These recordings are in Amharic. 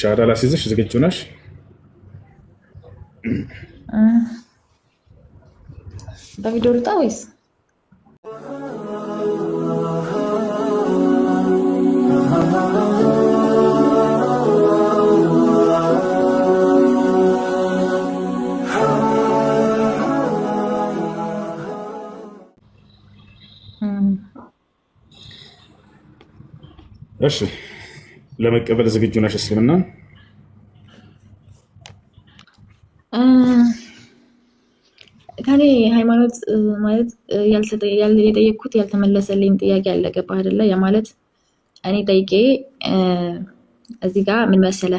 ሻሃዳ ላስይዝሽ ዝግጁ ነሽ? በቪዲዮ ልውጣ ወይስ እሺ ለመቀበል ዝግጁ ነሽ እስልምናን? ማለት የጠየቅኩት ያልተመለሰልኝ ጥያቄ አለገባህ አይደለ? ያ ማለት እኔ ጠይቄ እዚህ ጋር ምን መሰለ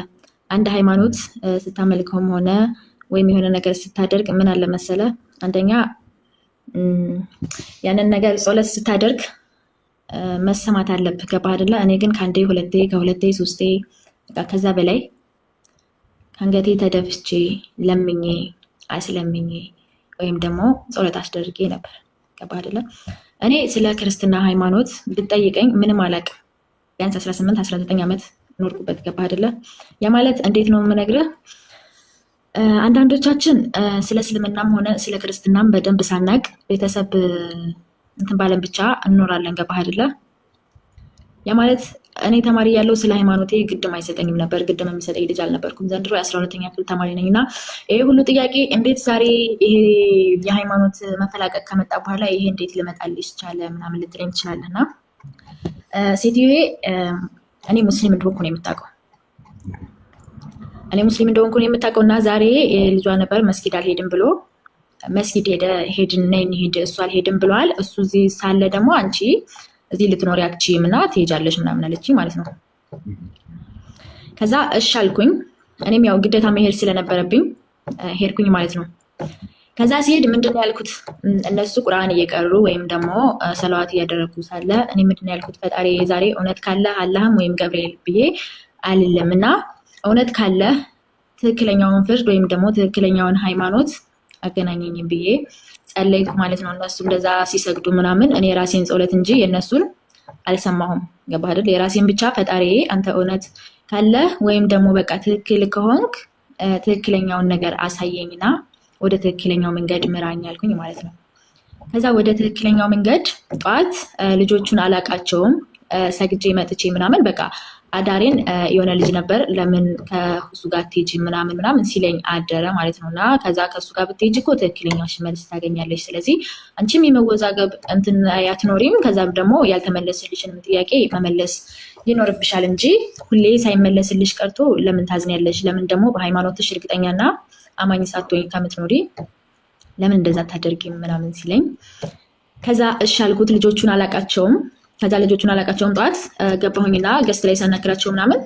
አንድ ሃይማኖት ስታመልከውም ሆነ ወይም የሆነ ነገር ስታደርግ ምን አለ መሰለ፣ አንደኛ ያንን ነገር ጸሎት ስታደርግ መሰማት አለብህ። ገባህ አይደለ? እኔ ግን ከአንዴ ሁለቴ፣ ከሁለቴ ሶስቴ፣ ከዛ በላይ ከአንገቴ ተደፍቼ ለምኜ አስለምኜ ወይም ደግሞ ጸሎት አስደርጌ ነበር። ገባ አይደለም? እኔ ስለ ክርስትና ሃይማኖት ብትጠይቀኝ ምንም አላውቅም። ቢያንስ 18 19 ዓመት ኖርኩበት። ገባ አይደለ? ያ ማለት እንዴት ነው የምነግርህ? አንዳንዶቻችን ስለ እስልምናም ሆነ ስለ ክርስትናም በደንብ ሳናቅ ቤተሰብ እንትን ባለን ብቻ እንኖራለን። ገባ አይደለ? ያ ማለት እኔ ተማሪ ያለው ስለ ሃይማኖቴ ግድም አይሰጠኝም ነበር። ግድም የሚሰጠኝ ልጅ አልነበርኩም። ዘንድሮ የአስራ ሁለተኛ ክፍል ተማሪ ነኝ እና ይሄ ሁሉ ጥያቄ እንዴት ዛሬ ይሄ የሃይማኖት መፈላቀቅ ከመጣ በኋላ ይሄ እንዴት ልመጣልሽ ቻለ ምናምን ልትለኝ ትችላለህ። እና ሴትዮዬ እኔ ሙስሊም እንደሆንኩ ነው የምታውቀው እኔ ሙስሊም እንደሆንኩ ነው የምታውቀው። እና ዛሬ ልጇ ነበር መስጊድ አልሄድም ብሎ መስጊድ ሄደ ሄድን ነይ ሄድ እሱ አልሄድም ብለዋል። እሱ እዚህ ሳለ ደግሞ አንቺ እዚህ ልትኖሪ አትችይም እና ትሄጃለሽ ምናምን አለችኝ ማለት ነው። ከዛ እሺ አልኩኝ። እኔም ያው ግዴታ መሄድ ስለነበረብኝ ሄድኩኝ ማለት ነው። ከዛ ሲሄድ ምንድን ነው ያልኩት? እነሱ ቁርአን እየቀሩ ወይም ደግሞ ሰለዋት እያደረጉ ሳለ እኔ ምንድን ነው ያልኩት? ፈጣሪ ዛሬ እውነት ካለ አላህም ወይም ገብርኤል ብዬ አልልም እና እውነት ካለ ትክክለኛውን ፍርድ ወይም ደግሞ ትክክለኛውን ሃይማኖት አገናኘኝ ብዬ ጸለይኩ ማለት ነው። እነሱ እንደዛ ሲሰግዱ ምናምን እኔ የራሴን ጸሎት እንጂ የእነሱን አልሰማሁም። ገባህ አይደል? የራሴን ብቻ ፈጣሪ አንተ እውነት ካለ ወይም ደግሞ በቃ ትክክል ከሆንክ ትክክለኛውን ነገር አሳየኝና ወደ ትክክለኛው መንገድ ምራኝ ያልኩኝ ማለት ነው። ከዛ ወደ ትክክለኛው መንገድ ጠዋት ልጆቹን አላቃቸውም ሰግጄ መጥቼ ምናምን በቃ አዳሬን የሆነ ልጅ ነበር ለምን ከሱ ጋር ትሄጂ ምናምን ምናምን ሲለኝ አደረ ማለት ነው። እና ከዛ ከሱ ጋር ብትሄጂ እኮ ትክክለኛሽን መልስ ታገኛለች። ስለዚህ አንቺም የመወዛገብ እንትን አትኖሪም። ከዛም ደግሞ ያልተመለስልሽን ጥያቄ መመለስ ይኖርብሻል እንጂ ሁሌ ሳይመለስልሽ ቀርቶ ለምን ታዝኛለሽ? ለምን ደግሞ በሃይማኖትሽ እርግጠኛና አማኝ ሳትሆኝ ከምትኖሪ ለምን እንደዛ ታደርግ ምናምን ሲለኝ ከዛ እሻልኩት ልጆቹን አላቃቸውም ከዛ ልጆቹን አላቃቸውም። ጠዋት ገባሁኝና ገስት ላይ ሳናክላቸው ምናምን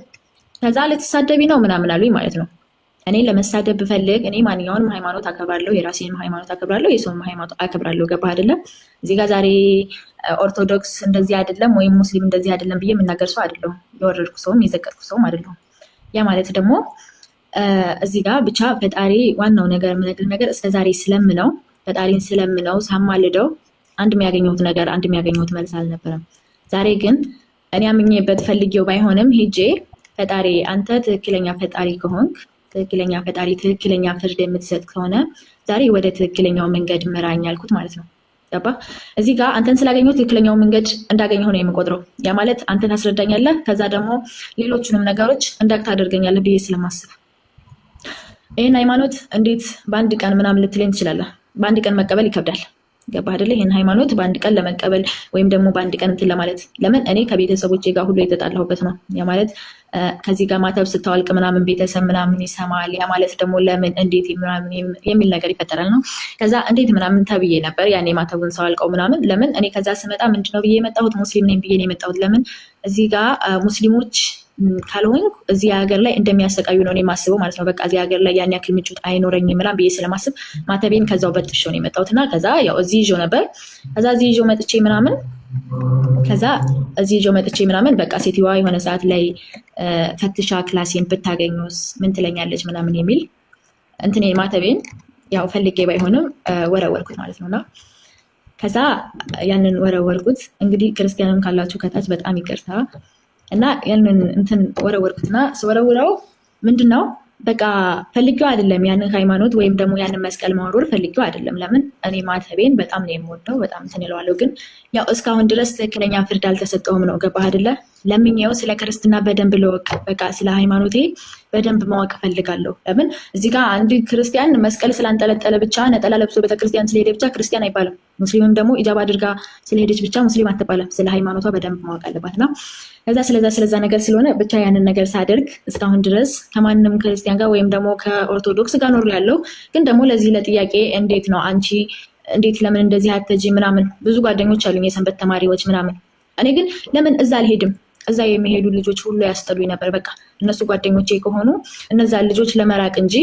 ከዛ ልትሳደቢ ነው ምናምን አሉኝ ማለት ነው። እኔ ለመሳደብ ብፈልግ እኔ ማንኛውንም ሃይማኖት አከብራለሁ፣ የራሴንም ሃይማኖት አከብራለሁ፣ የሰውንም ሃይማኖት አከብራለሁ። ገባ አይደለም? እዚህ ጋር ዛሬ ኦርቶዶክስ እንደዚህ አይደለም ወይም ሙስሊም እንደዚህ አይደለም ብዬ የምናገር ሰው አይደለሁም። የወረድኩ ሰውም የዘቀጥኩ ሰውም አይደለሁም። ያ ማለት ደግሞ እዚህ ጋር ብቻ ፈጣሪ ዋናው ነገር ምነግር ነገር እስከ ዛሬ ስለምነው ፈጣሪን ስለምነው ሳማልደው አንድ የሚያገኘሁት ነገር አንድ የሚያገኘሁት መልስ አልነበረም። ዛሬ ግን እኔ አምኜበት ፈልጌው ባይሆንም ሄጄ ፈጣሪ አንተ ትክክለኛ ፈጣሪ ከሆንክ ትክክለኛ ፈጣሪ ትክክለኛ ፍርድ የምትሰጥ ከሆነ ዛሬ ወደ ትክክለኛው መንገድ ምራኝ ያልኩት ማለት ነው። ገባ? እዚህ ጋር አንተን ስላገኘው ትክክለኛው መንገድ እንዳገኘ ሆነ የምቆጥረው። ያ ማለት አንተ ታስረዳኛለህ፣ ከዛ ደግሞ ሌሎቹንም ነገሮች እንዳቅ ታደርገኛለህ ብዬ ስለማስብ ይህን ሃይማኖት እንዴት በአንድ ቀን ምናምን ልትለኝ ትችላለህ። በአንድ ቀን መቀበል ይከብዳል። ገባ አይደለ? ይህን ሃይማኖት በአንድ ቀን ለመቀበል ወይም ደግሞ በአንድ ቀን እንትን ለማለት ለምን እኔ ከቤተሰቦቼ ጋር ሁሉ የተጣላሁበት ነው። ያ ማለት ከዚህ ጋር ማተብ ስታዋልቅ ምናምን ቤተሰብ ምናምን ይሰማል። ያ ማለት ደግሞ ለምን እንዴት የሚል ነገር ይፈጠራል ነው። ከዛ እንዴት ምናምን ተብዬ ነበር ያኔ ማተቡን ሳወልቀው ምናምን ለምን እኔ ከዛ ስመጣ ምንድነው ብዬ የመጣሁት ሙስሊም ነኝ ብዬ ነው የመጣሁት። ለምን እዚህ ጋር ሙስሊሞች ካልሆንኩ እዚህ ሀገር ላይ እንደሚያሰቃዩ ነው የማስበው ማለት ነው። በቃ እዚህ ሀገር ላይ ያን ያክል ምቾት አይኖረኝ ምናምን ብዬ ስለማስብ ማተቤን ከዛው በጥሼው ነው የመጣሁት እና ከዛ ያው እዚህ ይዤው ነበር። ከዛ እዚህ ይዤው መጥቼ ምናምን ከዛ እዚህ ይዤው መጥቼ ምናምን በቃ ሴትዮዋ የሆነ ሰዓት ላይ ፈትሻ ክላሴን ብታገኙስ ምን ትለኛለች ምናምን የሚል እንትኔ ማተቤን ያው ፈልጌ ባይሆንም ወረወርኩት ማለት ነውና ከዛ ያንን ወረወርኩት። እንግዲህ ክርስቲያንም ካላችሁ ከታች በጣም ይቅርታ እና ያንን እንትን ወረወርኩትና ስወረውረው ምንድን ነው በቃ ፈልጌው አይደለም ያንን ሃይማኖት ወይም ደግሞ ያንን መስቀል ማውረድ ፈልጌው አይደለም። ለምን እኔ ማተቤን በጣም ነው የምወደው፣ በጣም እንትን እለዋለሁ። ግን ያው እስካሁን ድረስ ትክክለኛ ፍርድ አልተሰጠውም ነው። ገባህ አይደለ? ለምኜው ስለ ክርስትና በደንብ ለወቅ በቃ ስለ ሃይማኖቴ በደንብ ማወቅ እፈልጋለሁ። ለምን እዚህ ጋር አንድ ክርስቲያን መስቀል ስላንጠለጠለ ብቻ ነጠላ ለብሶ ቤተክርስቲያን ስለሄደ ብቻ ክርስቲያን አይባልም። ሙስሊምም ደግሞ ኢጃብ አድርጋ ስለሄደች ብቻ ሙስሊም አትባለም። ስለ ሃይማኖቷ በደንብ ማወቅ አለባት። ነው ከዛ ስለዛ ስለዛ ነገር ስለሆነ ብቻ ያንን ነገር ሳደርግ እስካሁን ድረስ ከማንም ክርስቲያን ጋር ወይም ደግሞ ከኦርቶዶክስ ጋር ኖር ያለው ግን ደግሞ ለዚህ ለጥያቄ እንዴት ነው አንቺ እንዴት ለምን እንደዚህ አተጂ ምናምን ብዙ ጓደኞች አሉኝ የሰንበት ተማሪዎች ምናምን። እኔ ግን ለምን እዛ አልሄድም እዛ የሚሄዱ ልጆች ሁሉ ያስጠሉኝ ነበር። በቃ እነሱ ጓደኞቼ ከሆኑ እነዛን ልጆች ለመራቅ እንጂ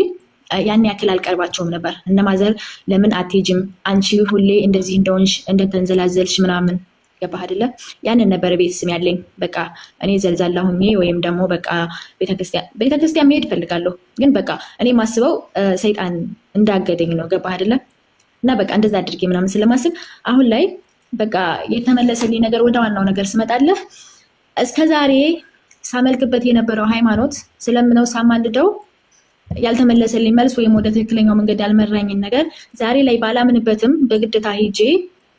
ያን ያክል አልቀርባቸውም ነበር። ማዘር ለምን አትሄጂም አንቺ ሁሌ እንደዚህ እንደሆንሽ እንደተንዘላዘልሽ ምናምን ገባህ አይደለ? ያንን ነበር ቤት ስም ያለኝ። በቃ እኔ ዘልዛላ ሁኜ ወይም ደግሞ በቃ ቤተክርስቲያን ቤተክርስቲያን መሄድ እፈልጋለሁ፣ ግን በቃ እኔ ማስበው ሰይጣን እንዳገደኝ ነው። ገባህ አይደለ? እና በቃ እንደዛ አድርጌ ምናምን ስለማስብ አሁን ላይ በቃ የተመለሰልኝ ነገር ወደ ዋናው ነገር ስመጣለህ እስከ ዛሬ ሳመልክበት የነበረው ሃይማኖት ስለምነው ሳማልደው ያልተመለሰልኝ መልስ ወይም ወደ ትክክለኛው መንገድ ያልመራኝን ነገር ዛሬ ላይ ባላምንበትም በግድታ ሄጄ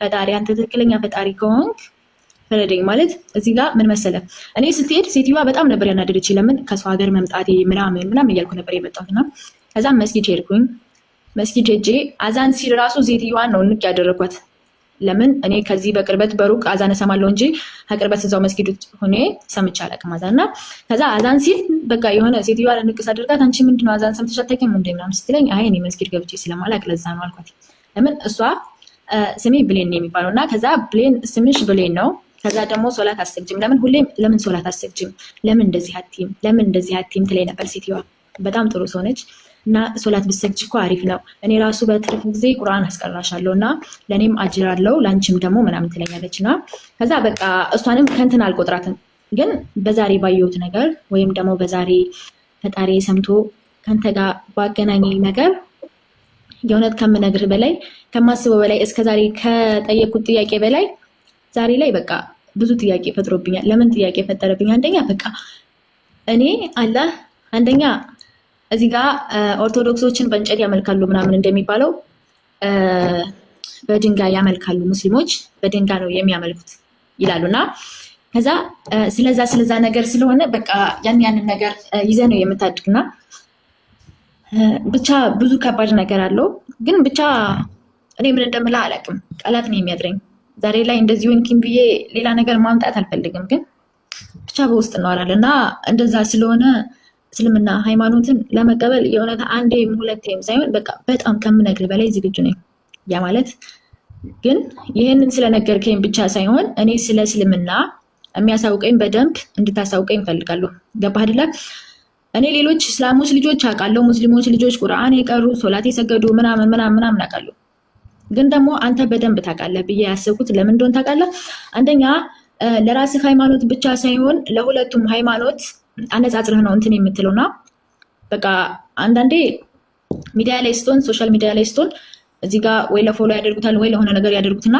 ፈጣሪ አንተ ትክክለኛ ፈጣሪ ከሆንክ ፍረደኝ ማለት እዚህ ጋር ምን መሰለ፣ እኔ ስትሄድ ሴትዮዋ በጣም ነበር ያናደደች። ለምን ከሰው ሀገር መምጣቴ ምናምን ምናምን እያልኩ ነበር የመጣሁት እና ከዛም መስጊድ ሄድኩኝ። መስጊድ ሄጄ አዛን ሲል ራሱ ሴትዮዋን ነው ንቅ ያደረኳት። ለምን እኔ ከዚህ በቅርበት በሩቅ አዛን እሰማለሁ እንጂ ከቅርበት እዛው መስጊድ ሆኔ ሰምቼ አላውቅም አዛን እና ከዛ አዛን ሲል በቃ የሆነ ሴትዮዋ ለንቅስ አድርጋት አንቺ ምንድን አዛን ሰምተሽ አታውቂም እንደ ምናምን ስትለኝ አይ እኔ መስጊድ ገብቼ ስለማላውቅ ለዛ ነው አልኳት። ለምን እሷ ስሜ ብሌን የሚባለው እና ከዛ ብሌን ስምሽ ብሌን ነው ከዛ ደግሞ ሶላት አሰግጅም ለምን ሁሌም ለምን ሶላት አሰግጅም ለምን እንደዚህ አትይም ለምን እንደዚህ አትይም ትለኝ ነበር ሴትዮዋ። በጣም ጥሩ ሰው ነች። እና ሶላት ብሰግጅ እኮ አሪፍ ነው። እኔ ራሱ በትርፍ ጊዜ ቁርአን አስቀራሻለሁ እና ለእኔም አለው ለአንቺም ደግሞ ምናምን ትለኛለች። እና ከዛ በቃ እሷንም ከንትን አልቆጥራትም፣ ግን በዛሬ ባየሁት ነገር ወይም ደግሞ በዛሬ ፈጣሪ ሰምቶ ከንተ ጋር ባገናኝ ነገር የእውነት ከምነግርህ በላይ ከማስበው በላይ እስከዛሬ ከጠየቁት ጥያቄ በላይ ዛሬ ላይ በቃ ብዙ ጥያቄ ፈጥሮብኛል። ለምን ጥያቄ ፈጠረብኝ? አንደኛ በቃ እኔ አላህ አንደኛ እዚህ ጋር ኦርቶዶክሶችን በእንጨት ያመልካሉ ምናምን እንደሚባለው በድንጋይ ያመልካሉ፣ ሙስሊሞች በድንጋይ ነው የሚያመልኩት ይላሉ እና ከዛ ስለዛ ስለዛ ነገር ስለሆነ በቃ ያን ያንን ነገር ይዘ ነው የምታድግና ብቻ ብዙ ከባድ ነገር አለው። ግን ብቻ እኔ ምን እንደምላ አላውቅም፣ ቃላት ነው የሚያጥረኝ። ዛሬ ላይ እንደዚህ ወንኪም ብዬ ሌላ ነገር ማምጣት አልፈልግም፣ ግን ብቻ በውስጥ እናወራለን እና እንደዛ ስለሆነ እስልምና ሃይማኖትን ለመቀበል የእውነት ሁለት ወይም ሳይሆን በቃ በጣም ከምነግር በላይ ዝግጁ ነኝ። ያ ማለት ግን ይህንን ስለነገርከኝ ብቻ ሳይሆን እኔ ስለ እስልምና የሚያሳውቀኝ በደንብ እንድታሳውቀኝ እፈልጋለሁ። ገባህ እኔ ሌሎች እስላሞች ልጆች አውቃለሁ፣ ሙስሊሞች ልጆች ቁርአን የቀሩ ሶላት የሰገዱ ምናምን ምናምን ምናምን አውቃለሁ። ግን ደግሞ አንተ በደንብ ታውቃለህ ብዬ ያሰብኩት ለምን እንደሆነ ታውቃለህ? አንደኛ ለራስህ ሃይማኖት ብቻ ሳይሆን ለሁለቱም ሃይማኖት አነጻጽረህ ነው እንትን የምትለው እና በቃ አንዳንዴ ሚዲያ ላይ ስትሆን ሶሻል ሚዲያ ላይ ስትሆን እዚህ ጋር ወይ ለፎሎ ያደርጉታል ወይ ለሆነ ነገር ያደርጉትና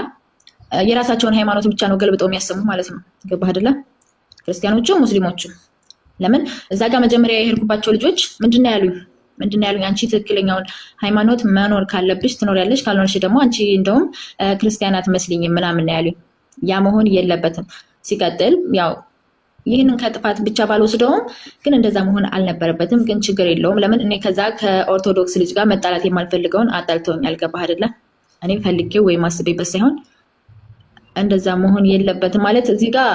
የራሳቸውን ሃይማኖት ብቻ ነው ገልብጠው የሚያሰሙት ማለት ነው። ገባህ አይደለ? ክርስቲያኖቹ ሙስሊሞቹ ለምን እዛ ጋር መጀመሪያ የሄድኩባቸው ልጆች ምንድን ነው ያሉኝ? ምንድን ነው ያሉኝ? አንቺ ትክክለኛውን ሃይማኖት መኖር ካለብሽ ትኖሪያለሽ፣ ካልሆነሽ ደግሞ አንቺ እንደውም ክርስቲያን መስልኝ ምናምን ያሉኝ። ያ መሆን የለበትም። ሲቀጥል ያው ይህንን ከጥፋት ብቻ ባልወስደውም ግን እንደዛ መሆን አልነበረበትም። ግን ችግር የለውም። ለምን እኔ ከዛ ከኦርቶዶክስ ልጅ ጋር መጣላት የማልፈልገውን አጣልተውኝ አልገባህ አይደለ? እኔም ፈልጌው ወይም አስቤበት ሳይሆን እንደዛ መሆን የለበትም ማለት እዚህ ጋር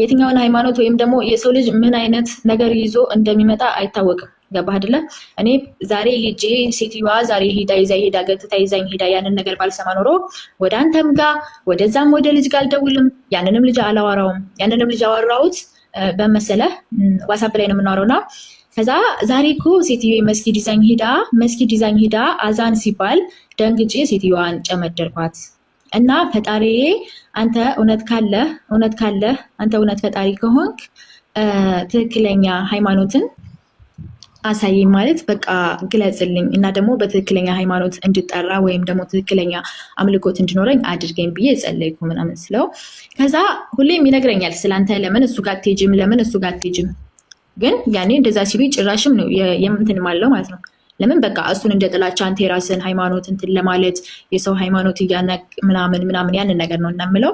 የትኛውን ሃይማኖት ወይም ደግሞ የሰው ልጅ ምን አይነት ነገር ይዞ እንደሚመጣ አይታወቅም። ገባህ አይደለ? እኔ ዛሬ ሄጄ ሴትዮዋ ዛሬ ሄዳ ይዛ ሄዳ ገትታ ይዛኝ ሄዳ ያንን ነገር ባልሰማ ኖሮ ወደ አንተም ጋ ወደዛም ወደ ልጅ ጋር አልደውልም፣ ያንንም ልጅ አላወራውም። ያንንም ልጅ አወራሁት በመሰለ ዋትሳፕ ላይ ነው የምናወራው እና ከዛ ዛሬ እኮ ሴትዮ መስጊድ ይዛኝ ሂዳ መስጊድ ይዛኝ ሂዳ አዛን ሲባል ደንግጬ ሴትዮዋን ጨመደርኳት እና ፈጣሪዬ አንተ እውነት ካለህ እውነት ካለህ አንተ እውነት ፈጣሪ ከሆንክ ትክክለኛ ሃይማኖትን አሳይ ማለት በቃ ግለጽልኝ እና ደግሞ በትክክለኛ ሃይማኖት እንድጠራ ወይም ደግሞ ትክክለኛ አምልኮት እንድኖረኝ አድርገኝ ብዬ የጸለይኩ ምናምን ስለው ከዛ ሁሌም ይነግረኛል ስለአንተ ለምን እሱ ጋር አትሄጂም ለምን እሱ ጋር አትሄጂም ግን ያኔ እንደዛ ሲሉ ጭራሽም ነው የምትን ማለው ማለት ነው ለምን በቃ እሱን እንደ ጥላቻ አንተ የራስን ሃይማኖት እንትን ለማለት የሰው ሃይማኖት እያነቅ ምናምን ምናምን ያንን ነገር ነው እናምለው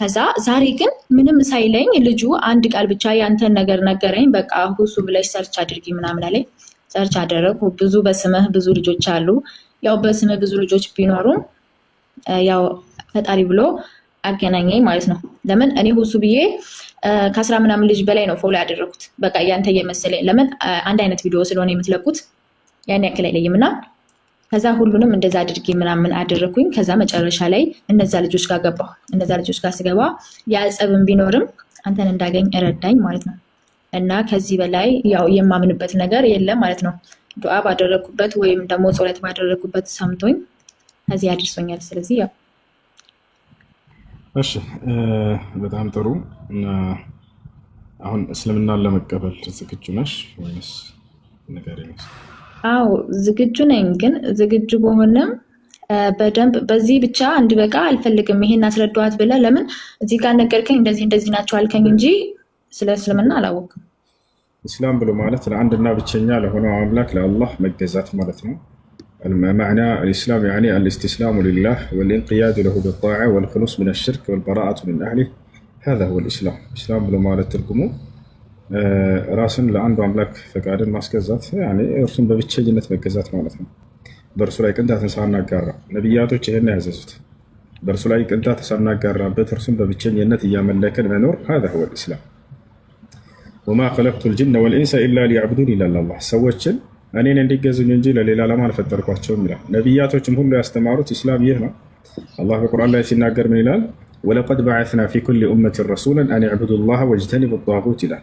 ከዛ ዛሬ ግን ምንም ሳይለኝ ልጁ አንድ ቃል ብቻ ያንተን ነገር ነገረኝ። በቃ ሁሱ ብለሽ ሰርች አድርጊ ምናምን አለኝ። ሰርች አደረግኩ። ብዙ በስምህ ብዙ ልጆች አሉ። ያው በስምህ ብዙ ልጆች ቢኖሩም ያው ፈጣሪ ብሎ አገናኘኝ ማለት ነው። ለምን እኔ ሁሱ ብዬ ከአስራ ምናምን ልጅ በላይ ነው ፎሎ ያደረኩት። በቃ ያንተ የመሰለኝ ለምን አንድ አይነት ቪዲዮ ስለሆነ የምትለቁት ያን ያክል አይለይም እና ከዛ ሁሉንም እንደዛ አድርጌ ምናምን አደረግኩኝ። ከዛ መጨረሻ ላይ እነዛ ልጆች ጋር ገባሁ። እነዛ ልጆች ጋር ስገባ ያጸብን ቢኖርም አንተን እንዳገኝ እረዳኝ ማለት ነው። እና ከዚህ በላይ ያው የማምንበት ነገር የለም ማለት ነው። ዱዓ ባደረግኩበት ወይም ደግሞ ጸሎት ባደረግኩበት ሰምቶኝ ከዚህ አድርሶኛል። ስለዚህ ያው እሺ፣ በጣም ጥሩ። አሁን እስልምናን ለመቀበል ዝግጁ ነሽ ወይስ ነገር አዎ ዝግጁ ነኝ። ግን ዝግጁ በሆነም በደንብ በዚህ ብቻ እንድበቃ አልፈልግም። ይሄን አስረዳኋት ብለህ ለምን እዚህ ጋር ነገርከኝ፣ እንደዚህ እንደዚህ ናቸው አልከኝ እንጂ ስለ እስልምና አላወቅም። ኢስላም ብሎ ማለት ለአንድና ብቸኛ ለሆነው አምላክ ለአላህ መገዛት ማለት ነው። معنى الإسلام يعني الاستسلام لله والانقياد له بالطاعة والخلوص من الشرك والبراءة من أهله هذا هو الإسلام الإسلام بلو مالت تركمه ራስን ለአንዱ አምላክ ፈቃድን ማስገዛት ያኔ እርሱን በብቸኝነት መገዛት ማለት ነው። በእርሱ ላይ ቅንጣትን ሳናጋራ ነቢያቶች ይህን ያዘዙት፣ በእርሱ ላይ ቅንጣት ሳናጋራበት እርሱን በብቸኝነት እያመለክን መኖር ሀዛ ሁወ ልእስላም ወማ ከለቅቱል ጅነ ወልኢንሰ ኢላ ሊያዕቡዱን ይላል አላህ። ሰዎችን እኔን እንዲገዙኝ እንጂ ለሌላ ዓላማ አልፈጠርኳቸውም ይላል። ነቢያቶችም ሁሉ ያስተማሩት ኢስላም ይህ ነው። አላህ በቁርአን ላይ ሲናገር ምን ይላል? ወለቀድ በዓትና ፊ ኩሊ ኡመትን ረሱለን አን ዕቡዱ ላህ ወጅተኒቡ ጣጉት ይላል።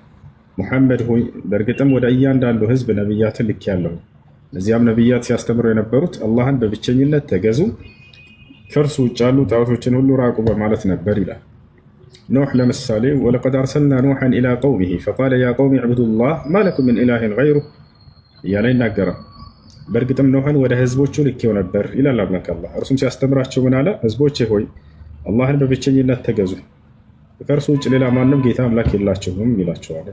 ሙሐመድ ሆይ በእርግጥም ወደ እያንዳንዱ ህዝብ ነቢያትን ልክ ያለሁ እነዚያም ነቢያት ሲያስተምሩ የነበሩት አላህን በብቸኝነት ተገዙ፣ ከእርሱ ውጭ ያሉ ጣዖቶችን ሁሉ ራቁ በማለት ነበር ይላል። ኖሕ ለምሳሌ ወለቀድ አርሰልና ኖሐን ኢላ ቀውሚሂ ፈቃለ ያ ቀውሚ ዕቡዱላህ ማለኩም ምን ኢላህን ገይሩ እያለ ይናገራል። በእርግጥም ኖሕን ወደ ህዝቦቹ ልኬው ነበር ይላል አምላክ አላህ። እርሱም ሲያስተምራቸው ምን አለ? ህዝቦቼ ሆይ አላህን በብቸኝነት ተገዙ፣ ከእርሱ ውጭ ሌላ ማንም ጌታ አምላክ የላቸውም ይላቸዋል።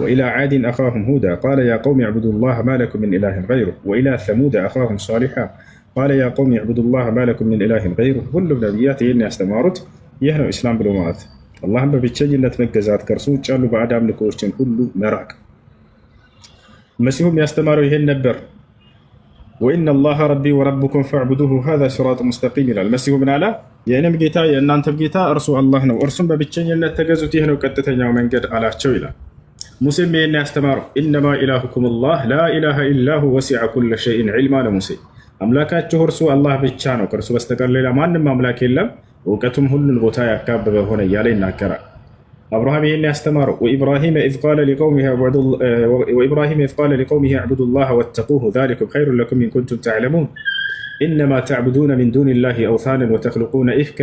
وإلى عاد أخاهم هودا قال يا قوم اعبدوا الله ما لكم من إله غيره وإلى ثمود أخاهم صالحا قال يا قوم اعبدوا الله ما لكم من إله غيره كل نبيات إني استمارت يهنا إسلام بلومات اللهم ما بتشجي لا تمجزات كرسو تشالو بعد عمل كورشين كله مراك مسيهم يستمروا يهن نبر وإن الله ربي وربكم فاعبدوه هذا صراط مستقيم إلى المسيح من على يعني بجيتا يعني أنت بجيتا أرسو الله نو أرسو ببتشين يلا تجزو تيهنو كتتين يوم ينجد على شويلة ሙሴም ይሄን ያስተማረው ኢነማ ኢላሁኩም አላህ ላ ኢላሃ ኢላሁ ወሲዐ ኩለ ሸይን ዒልማ ለሙሴ አምላካችሁ እርሱ አላህ ብቻ ነው፣ ከእርሱ በስተቀር ሌላ ማንም አምላክ የለም፣ እውቀቱም ሁሉን ቦታ ያካበበ ሆነ እያለ ይናገራል። አብርሃም ይሄን ያስተማረው ወኢብራሂም ኢዝ ቃለ ሊቀውሚሂ አዕቡዱ ላህ ወተቁሁ ዛሊኩም ኸይሩን ለኩም ኢን ኩንቱም ተዕለሙን ኢነማ ተዕቡዱነ ሚን ዱኒ ላሂ አውሳንን ወተኽልቁነ ኢፍካ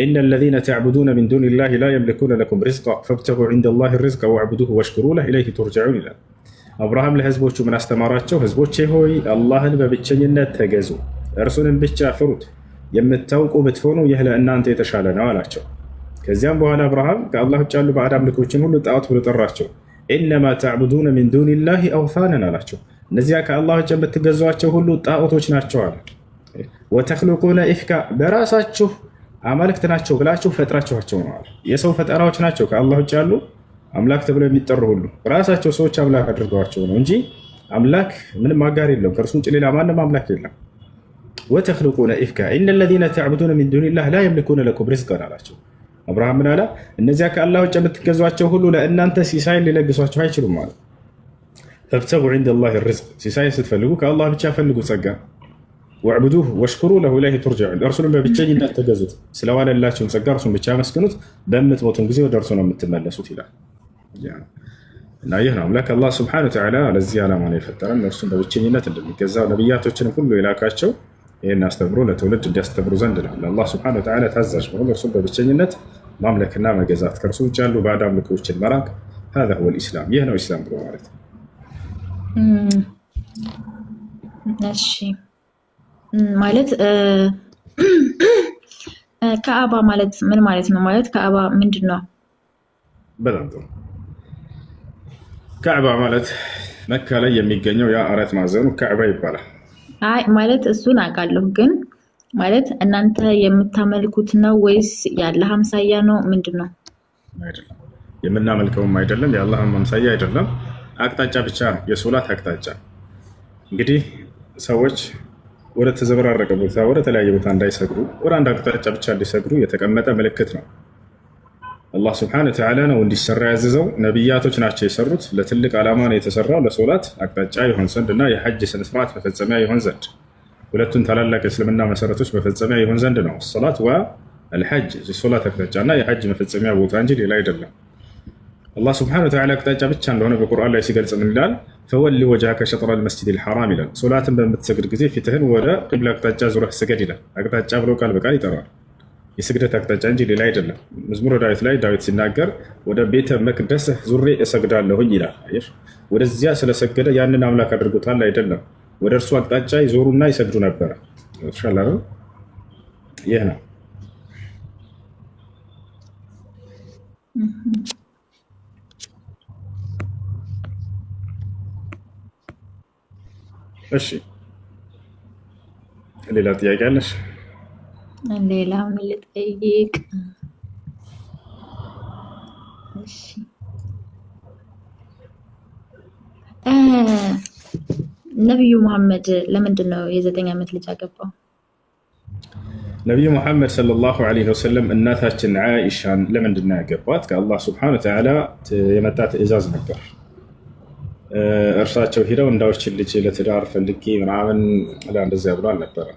إن الذين تعبدون من دون الله لا يملكون لكم رزقا فابتغوا عند الله الرزق واعبدوه واشكروا له إليه ترجعون إلى አብርሃም ለህዝቦቹ ምን አስተማራቸው? ህዝቦቼ ሆይ አላህን በብቸኝነት ተገዙ፣ እርሱንም ብቻ ፍሩት፣ የምታውቁ ብትሆኑ ይህ ለእናንተ የተሻለ ነው አላቸው። ከዚያም በኋላ አብርሃም ከአላህ ውጭ ያሉ ባዕድ አምልኮችን ሁሉ ጣዖት ብሎ ጠራቸው። ኢነማ ተዕቡዱነ ሚን ዱኒላሂ አውሳነን አላቸው። እነዚያ ከአላህ ውጭ የምትገዟቸው ሁሉ ጣዖቶች ናቸው አለ። ወተክልቁነ ኢፍካ በራሳችሁ አማልክት ናቸው ብላችሁ ፈጥራችኋቸው ነው አለ። የሰው ፈጠራዎች ናቸው ከአላህ ውጭ ያሉ አምላክ ተብለው የሚጠሩ ሁሉ ራሳቸው ሰዎች አምላክ አድርገዋቸው ነው እንጂ አምላክ ምንም አጋር የለም፣ ከእርሱ ውጭ ሌላ ማንም አምላክ የለም። ወተክልቁነ ኢፍካ እነ ለዚነ ተዕቡዱነ ሚን ዱኒላህ ላ የምልኩነ ለኩም ሪዝቀን አላቸው። አብርሃም ምን አለ? እነዚያ ከአላህ ውጭ የምትገዟቸው ሁሉ ለእናንተ ሲሳይን ሊለግሷቸው አይችሉም አለ። ፈብተጉ ዒንደላሂ ሪዝቅ ሲሳይን ስትፈልጉ ከአላህ ብቻ ፈልጉ ጸጋ ወዕቡዱህ ወሽኩሩ ለሁ ኢለይሂ ቱርጀዑን እርሱንም በብቸኝነት ተገዙት ስለዋለላችሁም ጸጋ እርሱን ብቻ መስግኑት በምትሞቱም ጊዜ ወደ እርሱ ነው የምትመለሱት ይላል እና ይህ ነው አምላክ አላህ ስብሐነ ወተዓላ ለዚህ ዓላማ ነው የፈጠረን እርሱን በብቸኝነት እንደሚገዛ ነቢያቶችንም ሁሉ የላካቸው ይህን አስተምሮ ለትውልድ እንዲያስተምሩ ዘንድ ነው ለአላህ ስብሐነ ወተዓላ ታዛዥ መሆን እርሱን በብቸኝነት ማምለክና መገዛት ከእርሱ ውጭ ያሉ ባዕድ አምልኮችን መራቅ هذا هو الإسلام ይህ ነው ኢስላም ብሎ ማለት ነው እሺ ማለት ከአባ ማለት ምን ማለት ነው? ማለት ከአባ ምንድን ነው? በጣም ጥሩ። ከዕባ ማለት መካ ላይ የሚገኘው ያ ማዕዘኑ ከዕባ ይባላል። አይ ማለት እሱን አውቃለሁ፣ ግን ማለት እናንተ የምታመልኩት ነው ወይስ የአላህ አምሳያ ነው? ምንድን ነው? የምናመልከውም አይደለም፣ የአላህ አምሳያ አይደለም። አቅጣጫ ብቻ ነው፣ የሶላት አቅጣጫ እንግዲህ ሰዎች ወደ ተዘበራረቀ ቦታ ወደ ተለያየ ቦታ እንዳይሰግዱ ወደ አንድ አቅጣጫ ብቻ እንዲሰግዱ የተቀመጠ ምልክት ነው። አላህ ስብሐነሁ ወተዓላ ነው እንዲሰራ ያዘዘው። ነቢያቶች ናቸው የሰሩት። ለትልቅ ዓላማ ነው የተሰራው። ለሶላት አቅጣጫ ይሆን ዘንድ እና የሐጅ ስነስርዓት መፈጸሚያ ይሆን ዘንድ ሁለቱን ታላላቅ የእስልምና መሰረቶች መፈጸሚያ ይሆን ዘንድ ነው። ሶላት ወአልሐጅ ሶላት አቅጣጫ እና የሐጅ መፈጸሚያ ቦታ እንጂ ሌላ አይደለም። አላህ ስብሐነሁ ወተዓላ አቅጣጫ ብቻ እንደሆነ በቁርአን ላይ ሲገልጽ ምን ይላል? ፈወሊ ወጅሀከ ሸጥረል መስጂዲል ሐራም ይላል። ሶላትን በምትሰግድ ጊዜ ፊትህን ወደ ቅብላ አቅጣጫ ዙረህ ስገድ ይላል። አቅጣጫ ብሎ ቃል በቃል ይጠራዋል። የስግደት አቅጣጫ እንጂ ሌላ አይደለም። መዝሙረ ዳዊት ላይ ዳዊት ሲናገር ወደ ቤተ መቅደስህ ዙሬ እሰግዳለሁኝ ይላል። ወደዚያ ስለሰገደ ያንን አምላክ አድርጎታል አይደለም። ወደ እርሱ አቅጣጫ ይዞሩና ይሰግዱ ነበረ። ይህ ነው እሺ ሌላ ጥያቄ አለሽ? ሌላ ምን ልጠይቅ? እሺ ነቢዩ ሙሐመድ ለምንድን ነው የዘጠኝ ዓመት ልጅ አገባው? ነቢዩ ሙሐመድ ሰለላሁ ዐለይሂ ወሰለም እናታችን ዓኢሻን ለምንድን ነው ያገባት? ከአላህ ስብሐነ ወተዓላ የመጣ ትዕዛዝ ነበር። እርሳቸው ሂደው እንዳዎችን ልጅ ለትዳር ፈልጌ ምናምን እንደዚያ ብሎ አልነበረም።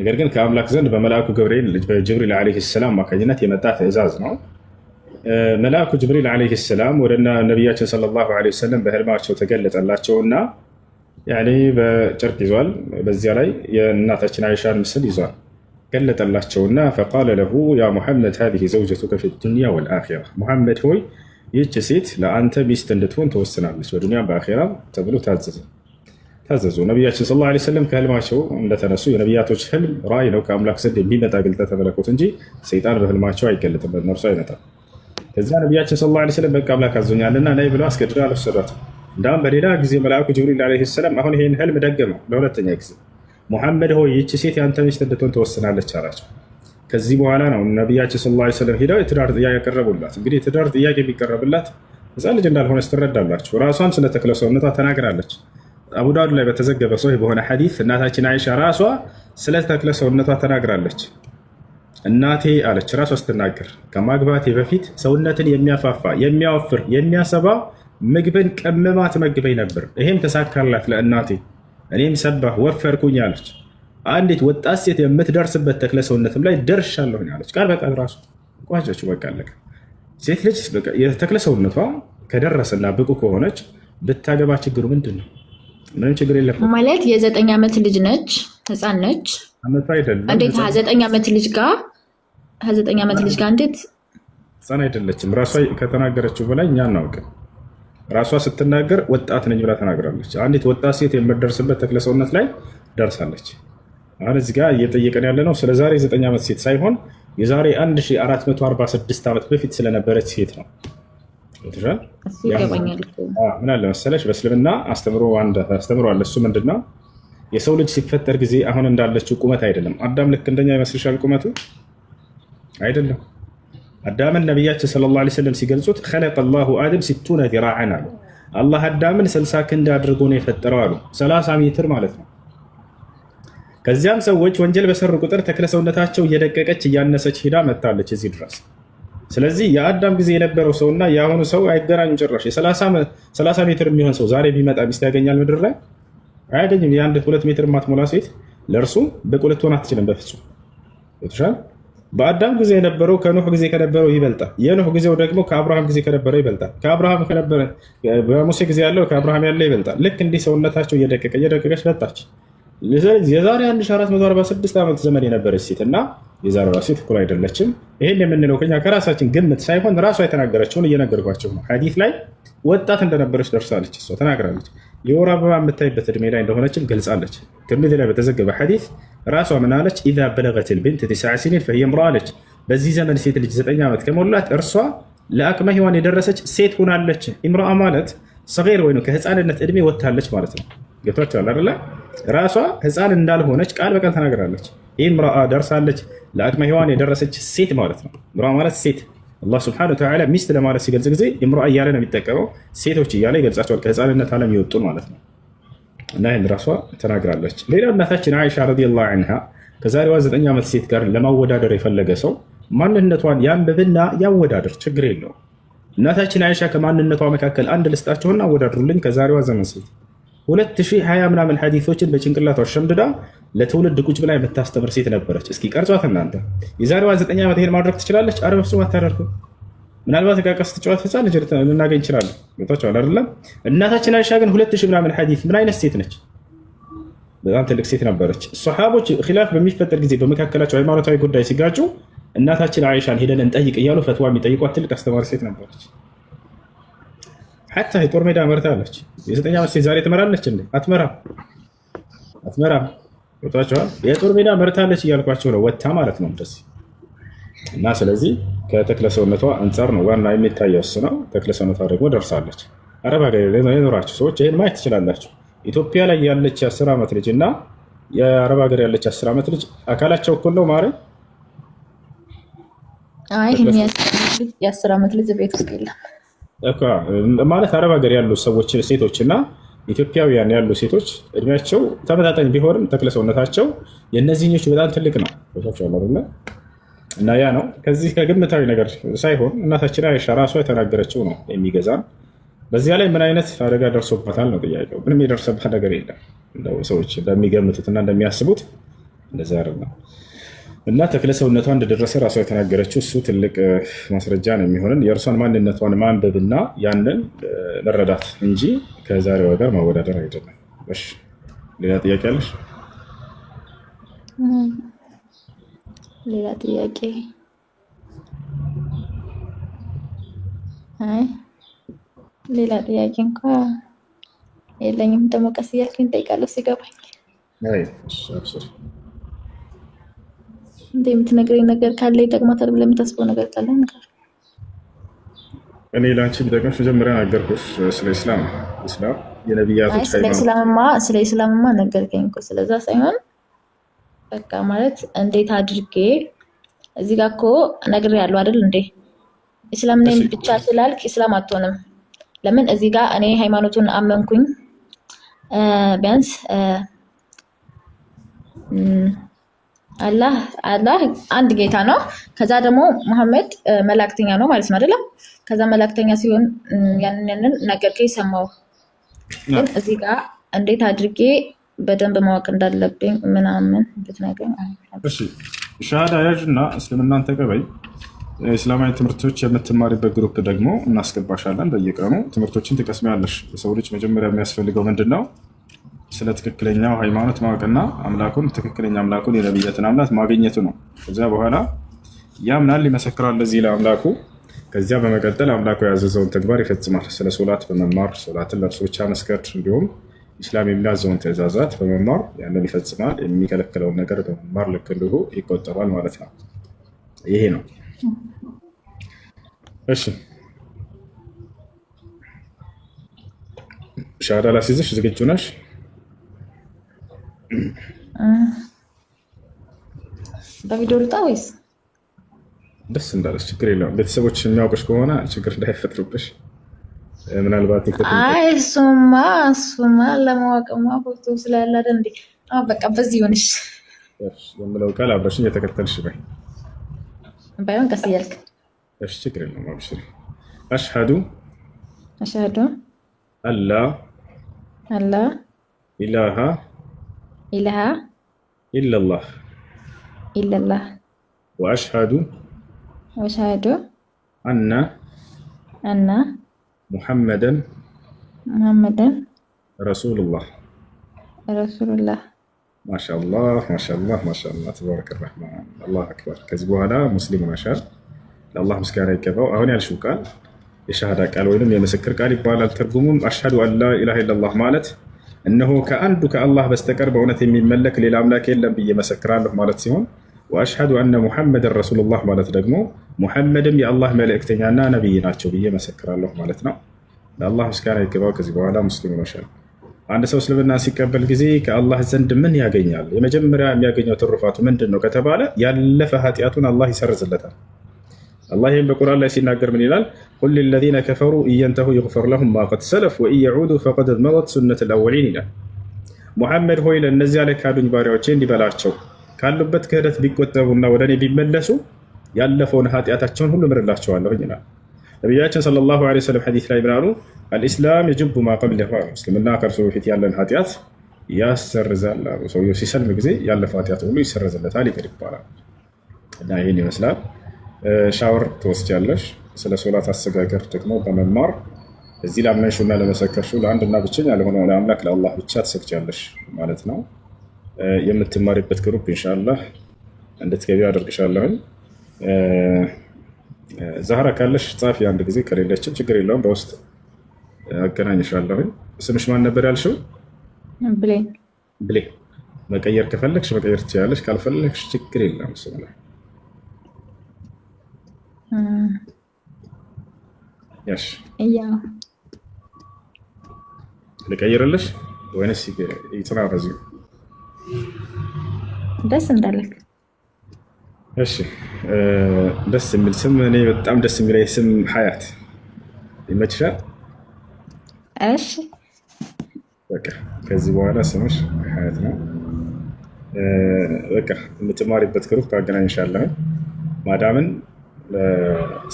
ነገር ግን ከአምላክ ዘንድ በመልአኩ ገብርኤል በጅብሪል ዓለይሂ ሰላም አማካኝነት የመጣ ትእዛዝ ነው። መልአኩ ጅብሪል ዓለይሂ ሰላም ወደ ነቢያችን ሰለላሁ ዓለይሂ ወሰለም በህልማቸው ተገለጠላቸውና ያኔ በጨርቅ ይዟል። በዚያ ላይ የእናታችን አይሻን ምስል ይዟል። ገለጠላቸውና ፈቃለ ለሁ ያ ሙሐመድ ሀዚህ ዘውጀቱከ ፊ ዱንያ ወልአኺራ ሙሐመድ ሆይ ይህች ሴት ለአንተ ሚስት እንድትሆን ተወስናለች፣ በዱኒያ በአኼራ ተብሎ ታዘዘ ታዘዙ። ነቢያችን ሰለላሁ ዓለይሂ ወሰለም ከህልማቸው እንደተነሱ የነቢያቶች ህልም ራእይ ነው ከአምላክ ዘንድ የሚመጣ ግልጠተ መለኮት እንጂ ሰይጣን በህልማቸው አይገለጥም፣ በእነርሱ አይመጣም። ከዛ ነቢያችን ሰለላሁ ዓለይሂ ወሰለም በቃ አምላክ አዞኛልና ነይ ብለው አስገድደው አልወሰዷትም። እንዳውም በሌላ ጊዜ መልአኩ ጅብሪል ዓለይሂ ሰላም አሁን ይህን ህልም ደገመ ለሁለተኛ ጊዜ። ሙሐመድ ሆይ ይህች ሴት የአንተ ሚስት እንድትሆን ተወስናለች አላቸው። ከዚህ በኋላ ነው ነቢያችን ስለ ላ ስለም ሄደው የትዳር ጥያቄ ያቀረቡላት። እንግዲህ የትዳር ጥያቄ የሚቀረብላት ህፃን ልጅ እንዳልሆነ ስትረዳላችሁ ራሷን ስለ ተክለ ሰውነቷ ተናግራለች። አቡ ላይ በተዘገበ ሰው በሆነ ሐዲስ እናታችን አይሻ ራሷ ስለ ተክለ ሰውነቷ ተናግራለች። እናቴ አለች ራሷ ስትናገር ከማግባቴ በፊት ሰውነትን የሚያፋፋ የሚያወፍር የሚያሰባ ምግብን ቀምማ ትመግበኝ ነበር። ይሄም ተሳካላት ለእናቴ እኔም ሰባ ወፈርኩኝ አለች። አንዲት ወጣት ሴት የምትደርስበት ተክለ ሰውነትም ላይ ደርሻለሁ ያለች ቃል በቃል ራሱ ቋጫች በቃ አለቀ። ሴት ልጅ የተክለ ሰውነቷ ከደረሰና ብቁ ከሆነች ብታገባ ችግሩ ምንድን ነው? ምንም ችግር የለም ማለት የዘጠኝ ዓመት ልጅ ነች፣ ህፃን ነች። እንዴት ከዘጠኝ ዓመት ልጅ ጋር ከዘጠኝ ዓመት ልጅ ጋር እንዴት ህፃን አይደለችም። ራሷ ከተናገረችው በላይ እኛ አናውቅም ራሷ ስትናገር ወጣት ነኝ ብላ ተናግራለች። አንዲት ወጣት ሴት የምትደርስበት ተክለ ሰውነት ላይ ደርሳለች። አሁን እዚህ ጋር እየጠየቀን ያለ ነው ስለ ዛሬ ዘጠኝ ዓመት ሴት ሳይሆን የዛሬ 1446 ዓመት በፊት ስለነበረች ሴት ነው። ምን አለ መሰለሽ በእስልምና አስተምሮ አለ። እሱ ምንድነው የሰው ልጅ ሲፈጠር ጊዜ አሁን እንዳለችው ቁመት አይደለም። አዳም ልክ እንደኛ ይመስልሻል? ቁመቱ አይደለም። አዳምን ነቢያችን ሰለላሁ ዐለይሂ ወሰለም ሲገልጹት ኸለቀ ላሁ አደም ሲቱነ ዚራዐን አሉ። አላህ አዳምን ስልሳ ክንድ አድርጎ ነው የፈጠረው አሉ። 30 ሜትር ማለት ነው ከዚያም ሰዎች ወንጀል በሰሩ ቁጥር ተክለ ሰውነታቸው እየደቀቀች እያነሰች ሄዳ መታለች እዚህ ድረስ። ስለዚህ የአዳም ጊዜ የነበረው ሰውና የአሁኑ ሰው አይገናኙ ጭራሽ። የ30 ሜትር የሚሆን ሰው ዛሬ ቢመጣ ሚስት ያገኛል? ምድር ላይ አያገኝም። የአንድ ሁለት ሜትር ማትሞላ ሴት ለእርሱ ብቁ ልትሆን አትችልም። በፍጹም በአዳም ጊዜ የነበረው ከኖህ ጊዜ ከነበረው ይበልጣል። የኖህ ጊዜው ደግሞ ከአብርሃም ጊዜ ከነበረው ይበልጣል። ከአብርሃም ከነበረ በሙሴ ጊዜ ያለው ከአብርሃም ያለው ይበልጣል። ልክ እንዲህ ሰውነታቸው እየደቀቀ እየደቀቀች መጣች። የዛሬ 1446 ዓመት ዘመን የነበረች ሴት እና የዛሬ ሴት እኩል አይደለችም። ይህን የምንለው ከኛ ከራሳችን ግምት ሳይሆን ራሷ የተናገረችውን እየነገርኳቸው ነው። ሀዲት ላይ ወጣት እንደነበረች ደርሳለች፣ እሷ ተናግራለች። የወር አበባ የምታይበት እድሜ ላይ እንደሆነችም ገልጻለች። ትርሚዚ ላይ በተዘገበ ሀዲት ራሷ ምናለች? ኢዛ በለገት ልብንት ቲስዓ ሲኒን ፈሂየ ምራ አለች። በዚህ ዘመን ሴት ልጅ ዘጠኝ ዓመት ከሞላት እርሷ ለአቅመ ሔዋን የደረሰች ሴት ሆናለች። ኢምራአ ማለት ሰገር ወይ ከህፃንነት እድሜ ወታለች ማለት ነው። ገብቷቸዋል አይደለ? ራሷ ህፃን እንዳልሆነች ቃል በቃል ተናግራለች። ይህ ምራ ደርሳለች። ለአቅመ ሔዋን የደረሰች ሴት ማለት ነው። ምራ ማለት ሴት አላህ ስብሐነሁ ወተዓላ ሚስት ለማለት ሲገልጽ ጊዜ እምራ እያለ ነው የሚጠቀመው። ሴቶች እያለ ይገልጻቸዋል። ከህፃንነት ዓለም የወጡ ማለት ነው። እና ይህን ራሷ ተናግራለች። ሌላ እናታችን አይሻ ረዲየላሁ አንሃ ከዛሬዋ ዘጠኝ ዓመት ሴት ጋር ለማወዳደር የፈለገ ሰው ማንነቷን ያንብብና ያወዳደር፣ ችግር የለው። እናታችን አይሻ ከማንነቷ መካከል አንድ ልስጣችሁና አወዳድሩልኝ ከዛሬዋ ዘመን ሴት ሁለት ሺህ ሀያ ምናምን ሀዲቶችን በጭንቅላቷ ሸምድዳ ለትውልድ ቁጭ ብላ የምታስተምር ሴት ነበረች። እስኪ ቀርጿት እናንተ። የዛሬዋ ዘጠኝ ዓመት ይሄን ማድረግ ትችላለች? አረ በፍጹም አታደርግም። ምናልባት እቃ ቀስ ትጫወት ህፃን ልጅ ልናገኝ ይችላለን። ገብቷችኋል አይደለም? እናታችን አይሻ ግን ሁለት ሺህ ምናምን ሀዲት ምን አይነት ሴት ነች? በጣም ትልቅ ሴት ነበረች። ሶሓቦች ኪላፍ በሚፈጠር ጊዜ በመካከላቸው ሃይማኖታዊ ጉዳይ ሲጋጩ እናታችን አይሻን ሄደን እንጠይቅ እያሉ ፈትዋ የሚጠይቋት ትልቅ አስተማሪ ሴት ነበረች። ሐታ የጦር ሜዳ መርታለች። የዘጠኝ ዓመት ሴት ዛሬ ትመራለች እ አትመራም አትመራም። ወጣችኋል። የጦር ሜዳ መርታለች እያልኳቸው ነው። ወታ ማለት ነው ደስ እና ስለዚህ ከተክለ ሰውነቷ አንጻር ነው ዋና የሚታየው እሱ ነው። ተክለ ሰውነቷ ደግሞ ደርሳለች። አረብ ሀገር የኖራችሁ ሰዎች ይህን ማየት ትችላላችሁ። ኢትዮጵያ ላይ ያለች የአስር ዓመት ልጅ እና የአረብ ሀገር ያለች አስር ዓመት ልጅ አካላቸው እኩል ነው ማረ የአስር ዓመት ልጅ ቤት ውስጥ የለም ማለት አረብ ሀገር ያሉ ሰዎች ሴቶች እና ኢትዮጵያውያን ያሉ ሴቶች እድሜያቸው ተመጣጣኝ ቢሆንም ተክለ ሰውነታቸው የእነዚህኞቹ በጣም ትልቅ ነው እና ያ ነው ከዚህ ከግምታዊ ነገር ሳይሆን እናታችን አይሻ ራሷ የተናገረችው ነው የሚገዛን። በዚያ ላይ ምን አይነት አደጋ ደርሶበታል ነው ጥያቄው። ምንም የደርሰባት ነገር የለም። ሰዎች እንደሚገምቱትና እንደሚያስቡት እንደዚያ ነው። እና ተክለ ሰውነቷ እንደደረሰ ራሷ የተናገረችው እሱ ትልቅ ማስረጃ ነው የሚሆንን የእርሷን ማንነቷን ማንበብና ያንን መረዳት እንጂ ከዛሬዋ ጋር ማወዳደር አይደለም። ሌላ ጥያቄ አለሽ? ሌላ ጥያቄ ሌላ ጥያቄ እንኳ የለኝም። ደግሞ ቀስ እያልኩኝ እጠይቃለሁ ሲገባኝ እንደ የምትነግረኝ ነገር ካለ ይጠቅማታል ብለህ የምታስበው ነገር ካለ ንገር። እኔ ላንቺ ቢጠቅምሽ መጀመሪያ ነገርኩሽ ስለ እስላም እስላም የነቢያቶች ስለ እስላምማ ስለ እስላምማ ነገርከኝ እኮ ስለዛ ሳይሆን በቃ ማለት እንዴት አድርጌ እዚህ ጋር እኮ ነግሬሃለሁ አይደል እንዴ እስላም ነኝ ብቻ ስላልክ እስላም አትሆንም ለምን እዚህ ጋር እኔ ሃይማኖቱን አመንኩኝ ቢያንስ አላህ አላህ አንድ ጌታ ነው። ከዛ ደግሞ መሐመድ መላእክተኛ ነው ማለት ነው አይደለም? ከዛ መላእክተኛ ሲሆን ያንን ያንን ነገር ሰማው። ግን እዚህ ጋር እንዴት አድርጌ በደንብ ማወቅ እንዳለብኝ ምናምን ብትነግረኝ። እሺ ሻሃዳ ያዥ እና እስልምናን ተቀበይ። እስላማዊ ትምህርቶች የምትማሪበት ግሩፕ ደግሞ እናስገባሻለን። በየቀኑ ትምህርቶችን ትቀስሚያለሽ። የሰው ልጅ መጀመሪያ የሚያስፈልገው ምንድን ነው? ስለ ትክክለኛው ሃይማኖት ማወቅና አምላኩን ትክክለኛ አምላኩን የነቢያትን አምላክ ማግኘቱ ነው። ከዚያ በኋላ ያምናል፣ ይመሰክራል ለዚህ ለአምላኩ። ከዚያ በመቀጠል አምላኩ ያዘዘውን ተግባር ይፈጽማል። ስለ ሶላት በመማር ሶላትን ለእርሱ ብቻ መስገድ፣ እንዲሁም ኢስላም የሚያዘውን ትእዛዛት በመማር ያንን ይፈጽማል። የሚከለክለውን ነገር በመማር ልክ እንዲሁ ይቆጠባል ማለት ነው። ይሄ ነው። እሺ ሻዳ ላሲዝሽ ዝግጁ ነሽ? በቪዲዮ ልጣ ወይስ ደስ እንዳለች ችግር የለውም። ቤተሰቦች የሚያውቅሽ ከሆነ ችግር እንዳይፈጥርብሽ ምናልባት አይ እሱማ እሱማ ለማወቅማ ፎቶ ስላለ አይደል እንዴ? በቃ በዚህ ሆነሽ የምለው ቃል አብረሽኝ እየተከተልሽ በይ ባይሆን ቀስ እያልክ እሺ፣ ችግር የለውም አብሽሪ። አሽሀዱ አሽሀዱ አላ አላ ኢላሃ إله إلا الله إلا الله وأشهد وأشهد أن أن محمدا محمدا رسول الله رسول الله ما شاء الله ما شاء الله ما شاء الله تبارك الرحمن الله أكبر كذبوا هذا مسلم ما شاء ለአላህ ምስጋና ይገባው። አሁን ያልሽው ቃል የሻሃዳ ቃል ወይም የምስክር ترجمون أشهد أن لا إله إلا الله مالت እነሆ ከአንዱ ከአላህ በስተቀር በእውነት የሚመለክ ሌላ አምላክ የለም ብዬ መሰክራለሁ ማለት ሲሆን ወአሽሀዱ አነ ሙሐመድን ረሱሉላህ ማለት ደግሞ ሙሐመድም የአላህ መልእክተኛና ነቢይ ናቸው ብዬ መሰክራለሁ ማለት ነው። ለአላህ ምስጋና ይገባው። ከዚህ በኋላ ሙስሊም መሻል አንድ ሰው እስልምና ሲቀበል ጊዜ ከአላህ ዘንድ ምን ያገኛል? የመጀመሪያ የሚያገኘው ትሩፋቱ ምንድን ነው ከተባለ ያለፈ ኃጢአቱን አላህ ይሰርዝለታል። አላህ ይህም በቁርአን ላይ ሲናገር ምን ይላል? ቁል ሊለዚነ ከፈሩ እየንተሁ ይግፈር ለሁም ማ ቀድ ሰለፍ ወኢየዑዱ ፈቀድ መረት ሱነት ልአወሊን ይላል። ሙሐመድ ሆይ ለእነዚያ ለካዱኝ ባሪያዎቼ እንዲበላቸው ካሉበት ክህደት ቢቆጠቡና ወደ እኔ ቢመለሱ ያለፈውን ኃጢአታቸውን ሁሉ ምርላቸዋለሁ ይላል። ነቢያችን ሰለላሁ ዐለይሂ ወሰለም ሐዲስ ላይ ምናሉ? አልኢስላም የጅቡ ማ ቀብለሁ እስልምና ከእርሱ በፊት ያለን ኃጢአት ያሰርዛል አሉ። ሰውየው ሲሰልም ጊዜ ያለፈው ኃጢአት ሁሉ ይሰረዝለታል፣ ይቅር ይባላል እና ይህን ይመስላል ሻወር ትወስጃለሽ። ስለ ሶላት አሰጋገር ደግሞ በመማር እዚህ ላመንሹና ለመሰከርሹ ለአንድና ብቸኛ ለሆነ ለአምላክ ለአላህ ብቻ ትሰግጃለሽ ማለት ነው። የምትማሪበት ግሩፕ ኢንሻላህ እንድትገቢ አደርግሻለሁኝ። ዛህራ ካለሽ ጻፊ አንድ ጊዜ፣ ከሌለችን ችግር የለውም በውስጥ አገናኝሻለሁኝ። ስምሽ ማን ነበር ያልሽው? ብሌ ብሌ። መቀየር ከፈለግሽ መቀየር ትችላለሽ፣ ካልፈለግሽ ችግር የለም ስም ልቀይርልሽ ወይንስ ይጽና? በዚህ ደስ እንዳለክ። እሺ ደስ የሚል ስም እኔ በጣም ደስ የሚለኝ ስም ሀያት ይመችሻል። እሺ በቃ ከዚህ በኋላ ስምሽ ሀያት ነው። በቃ የምትማሪበት ግሩፕ አገናኝሻለሁ ማዳምን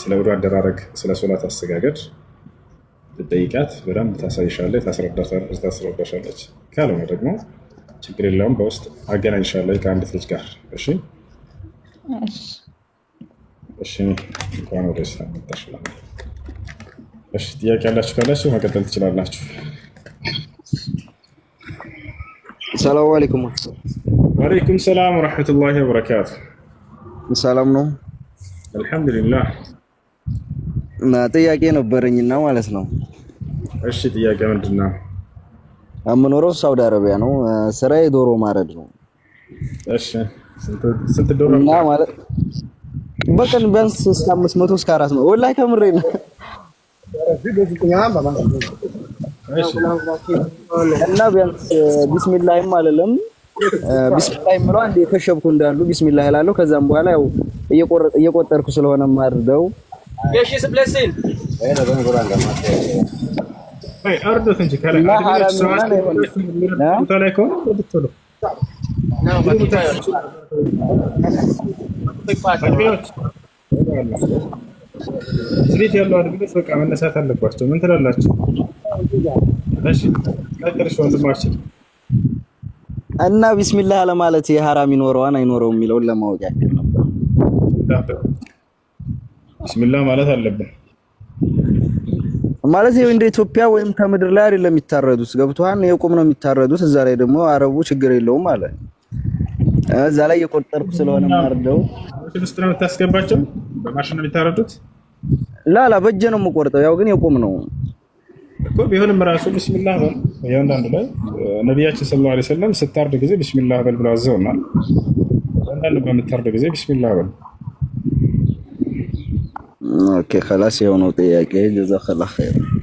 ስለ ውዱ አደራረግ፣ ስለ ሶላት አስተጋገድ ትጠይቃት፣ በደንብ ታሳይሻለች፣ ታስረዳሻለች። ካልሆነ ደግሞ ችግር የለውም በውስጥ አገናኝሻለች ከአንዲት ልጅ ጋር። እሺ እሺ። እንኳን ወደ መጣሽ። እሺ፣ ጥያቄ ያላችሁ ካላችሁ መቀጠል ትችላላችሁ። ሰላሙ አለይኩም። ወአለይኩም ሰላም ወረሕመቱላሂ ወበረካቱ። ሰላም ነው አልሐምዱሊላህ እና ጥያቄ ነበረኝና ማለት ነው። እሺ ጥያቄ ምንድን ነው? የምኖረው ሳውዲ አረቢያ ነው። ስራዬ ዶሮ ማረድ ነው። እሺ ስንት ዶሮ እና ማለት በቀን ቢያንስ እስከ 500 እስከ 400 ወላሂ ከምሬ ነው። እና ቢያንስ ቢስሚላህም አልልም። ቢስሚላህ የምለው አንዴ ከሸብኩ እንዳሉ ቢስሚላህ እላለሁ። ከዛም በኋላ ያው እየቆጠርኩ ስለሆነ ማርደው የሺ ስብለሲል ስሪት ያለው አድርገሽ በቃ መነሳት አለባቸው። ምን ትላላችሁ? እሺ ቀጥልሽ ወንድማችን እና ቢስሚላህ ለማለት የሐራም ይኖረዋን አይኖረውም የሚለውን ለማወቅ ያክል ቢስሚላ ማለት አለብን ማለት ይሄ እንደ ኢትዮጵያ ወይም ከምድር ላይ አይደለም የሚታረዱት። ገብቶሃል? የቁም ነው የሚታረዱት። እዛ ላይ ደግሞ አረቡ ችግር የለውም አለ። እዛ ላይ የቆጠርኩ ስለሆነ ማርደው ውስጥ ነው የምታስገባቸው። በማሽን ነው የሚታረዱት። ላላ በእጄ ነው የምቆርጠው። ያው ግን የቁም ነው እኮ ቢሆንም ራሱ ቢስሚላህ በል እያንዳንዱ ላይ ነቢያችን ሰለላሁ ዐለይሂ ወሰለም ስታርድ ጊዜ ቢስሚላህ በል ብለው አዘውናል። አንዳንዱ በምታርድ ጊዜ ቢስሚላ በል ኦኬ ከላስ የሆነው ጥያቄ ጀዛከላ ኸይር